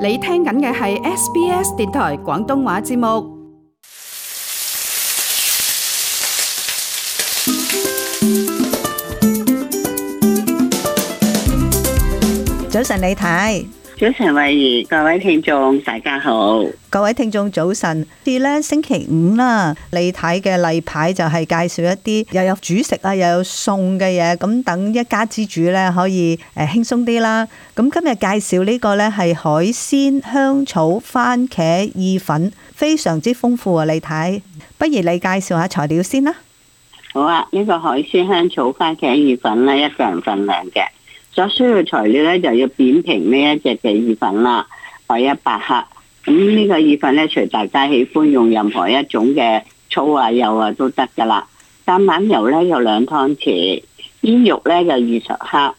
你聽緊嘅係 SBS 電台廣東話節目，早晨，李太。早晨，惠喂！各位聽眾，大家好。各位聽眾，早晨。至咧星期五啦，你睇嘅例牌就係介紹一啲又有主食啊，又有餸嘅嘢，咁等一家之主咧可以誒輕鬆啲啦。咁今日介紹呢個咧係海鮮香草番茄意粉，非常之豐富啊！你睇，不如你介紹下材料先啦。好啊，呢個海鮮香草番茄意粉咧，一個人份量嘅。所需要材料咧就要扁平呢一隻嘅意粉啦，大約一百克。咁呢個意粉咧，隨大家喜歡用任何一種嘅醋啊、油啊都得噶啦。橄欖油咧有兩湯匙，煙肉咧有二十克，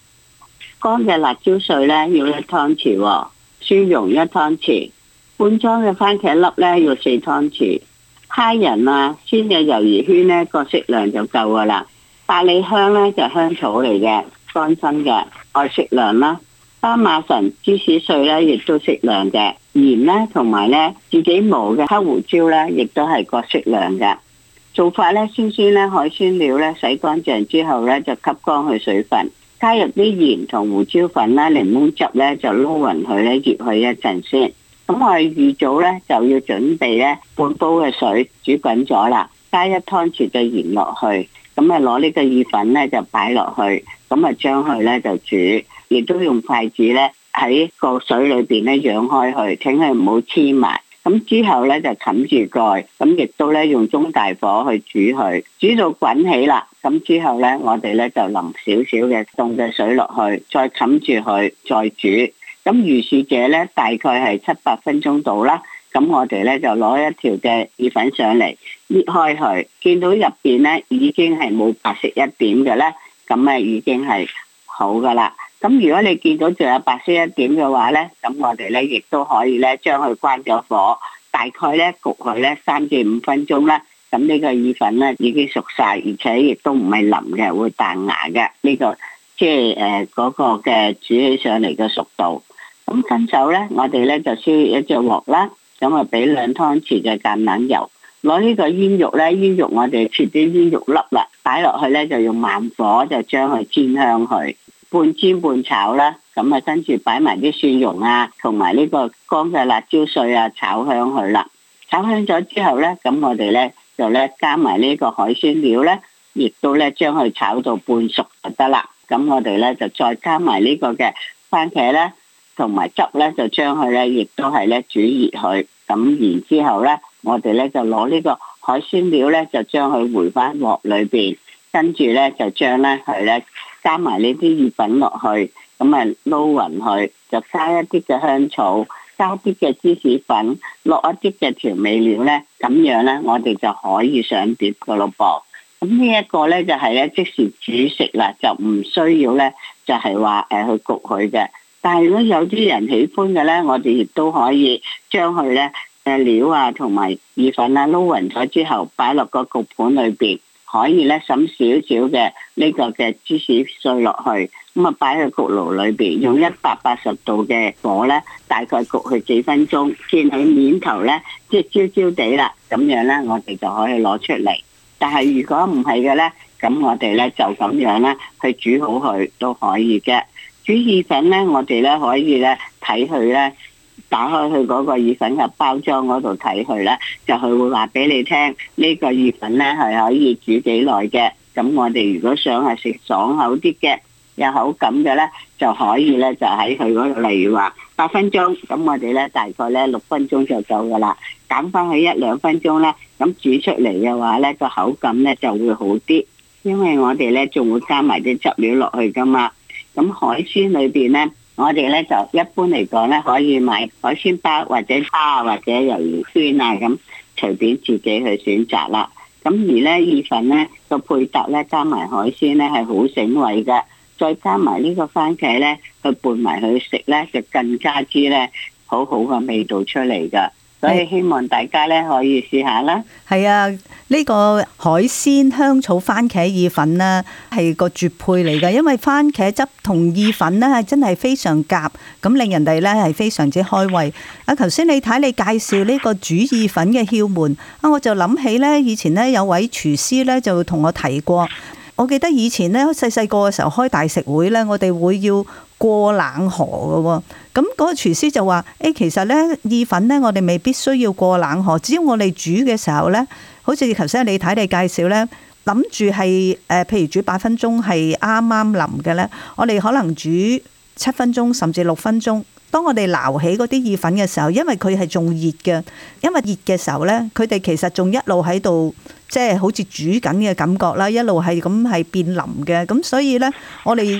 乾嘅辣椒碎咧要一湯匙，蒜蓉一湯匙，罐裝嘅番茄粒咧要四湯匙，蝦仁啊、鮮嘅魷魚圈咧個適量就夠噶啦。百里香咧就是、香草嚟嘅。乾身嘅愛適量啦，斑、哦、馬臣芝士碎咧，亦都適量嘅鹽咧，同埋咧自己磨嘅黑胡椒咧，亦都係各適量嘅做法咧，先先咧，海鮮料咧，洗乾淨之後咧，就吸乾佢水分，加入啲鹽同胡椒粉啦、檸檬汁咧，就撈勻佢咧，醃佢一陣先。咁我哋預早咧就要準備咧半煲嘅水煮滾咗啦，加一湯匙嘅鹽落去。咁啊，攞呢個意粉咧就擺落去，咁啊將佢咧就煮，亦都用筷子咧喺個水裏邊咧養開佢，請佢唔好黐埋。咁之後咧就冚住蓋，咁亦都咧用中大火去煮佢，煮到滾起啦。咁之後咧，我哋咧就淋少少嘅凍嘅水落去，再冚住佢再煮。咁如是者咧大概係七八分鐘到啦。咁我哋咧就攞一條嘅意粉上嚟，搣開佢，見到入邊咧已經係冇白色一點嘅咧，咁啊已經係好噶啦。咁如果你見到仲有白色一點嘅話咧，咁我哋咧亦都可以咧將佢關咗火，大概咧焗佢咧三至五分鐘啦。咁呢個意粉咧已經熟晒，而且亦都唔係腍嘅，會彈牙嘅呢個，即係誒嗰個嘅煮起上嚟嘅熟度。咁跟手咧，我哋咧就需要一隻鑊啦。咁啊，俾兩湯匙嘅橄欖油，攞呢個煙肉咧，煙肉我哋切啲煙肉粒啦，擺落去咧就用慢火就將佢煎香佢，半煎半炒啦。咁啊，跟住擺埋啲蒜蓉啊，同埋呢個乾嘅辣椒碎啊，炒香佢啦。炒香咗之後咧，咁我哋咧就咧加埋呢個海鮮料咧，亦都咧將佢炒到半熟就得啦。咁我哋咧就再加埋呢個嘅番茄咧，同埋汁咧就將佢咧亦都係咧煮熱佢。咁然之後咧，我哋咧就攞呢個海鮮料咧，就將佢回翻鑊裏邊，跟住咧就將咧佢咧加埋呢啲意粉落去，咁啊撈匀佢，就加一啲嘅香草，加啲嘅芝士粉，落一啲嘅調味料咧，咁樣咧我哋就可以上碟嘅咯噃。咁呢一個咧就係、是、咧即時煮食啦，就唔需要咧就係話誒去焗佢嘅。但係如果有啲人喜歡嘅咧，我哋亦都可以將佢咧嘅料啊同埋意粉啊撈匀咗之後，擺落個焗盤裏邊，可以咧滲少少嘅呢個嘅芝士碎落去，咁啊擺喺焗爐裏邊，用一百八十度嘅火咧，大概焗佢幾分鐘，見佢面頭咧即係焦焦地啦，咁樣咧我哋就可以攞出嚟。但係如果唔係嘅咧，咁我哋咧就咁樣咧去煮好佢都可以嘅。煮意粉咧，我哋咧可以咧睇佢咧，打開佢嗰個意粉嘅包裝嗰度睇佢咧，就佢會話俾你聽呢個意粉咧係可以煮幾耐嘅。咁我哋如果想係食爽口啲嘅，有口感嘅咧，就可以咧就喺佢嗰度，例如話八分鐘。咁我哋咧大概咧六分鐘就夠噶啦，減翻去一兩分鐘咧，咁煮出嚟嘅話咧個口感咧就會好啲，因為我哋咧仲會加埋啲汁料落去噶嘛。咁海鮮裏邊咧，我哋咧就一般嚟講咧，可以買海鮮包或者蝦或者魷魚圈啊，咁隨便自己去選擇啦。咁而咧意粉咧個配搭咧加埋海鮮咧係好醒胃嘅，再加埋呢個番茄咧去拌埋去食咧，就更加之咧好好嘅味道出嚟㗎。所以希望大家咧可以試下啦。係啊，呢個海鮮香草番茄意粉啦，係個絕配嚟㗎。因為番茄汁同意粉咧，係真係非常夾，咁令人哋咧係非常之開胃。啊，頭先你睇你介紹呢個煮意粉嘅竅門，啊，我就諗起咧，以前咧有位廚師咧就同我提過，我記得以前咧細細個嘅時候開大食會咧，我哋會要。過冷河嘅喎，咁、那、嗰個廚師就話：，誒、欸，其實咧意粉咧，我哋未必需要過冷河，只要我哋煮嘅時候咧，好似頭先你睇你介紹咧，諗住係誒，譬、呃、如煮八分鐘係啱啱腍嘅咧，我哋可能煮七分鐘甚至六分鐘。當我哋撈起嗰啲意粉嘅時候，因為佢係仲熱嘅，因為熱嘅時候咧，佢哋其實仲一路喺度，即、就、係、是、好似煮緊嘅感覺啦，一路係咁係變腍嘅，咁所以咧，我哋。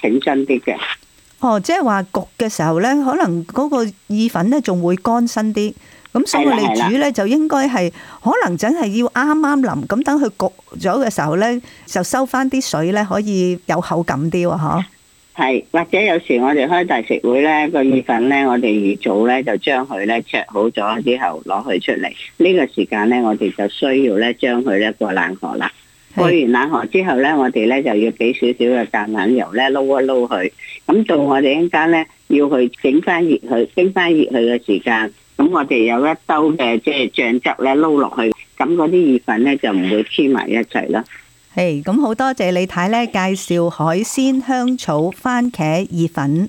挺身啲嘅，哦，即係話焗嘅時候咧，可能嗰個意粉咧仲會乾身啲，咁所以我哋煮咧就應該係可能真係要啱啱淋，咁等佢焗咗嘅時候咧，就收翻啲水咧，可以有口感啲喎，嗬？係或者有時我哋開大食會咧，個意粉咧，我哋預早咧就將佢咧焯好咗之後攞佢出嚟，呢個時間咧我哋就需要咧將佢咧過冷河啦。是過完冷河之後呢，我哋呢就要俾少少嘅橄欖油呢撈一撈佢。咁到我哋一家呢，要去整翻熱佢，蒸翻熱佢嘅時間，咁我哋有一兜嘅即係醬汁呢撈落去，咁嗰啲意粉呢，就唔會黐埋一齊啦。係，咁好多謝李太呢介紹海鮮香草番茄意粉。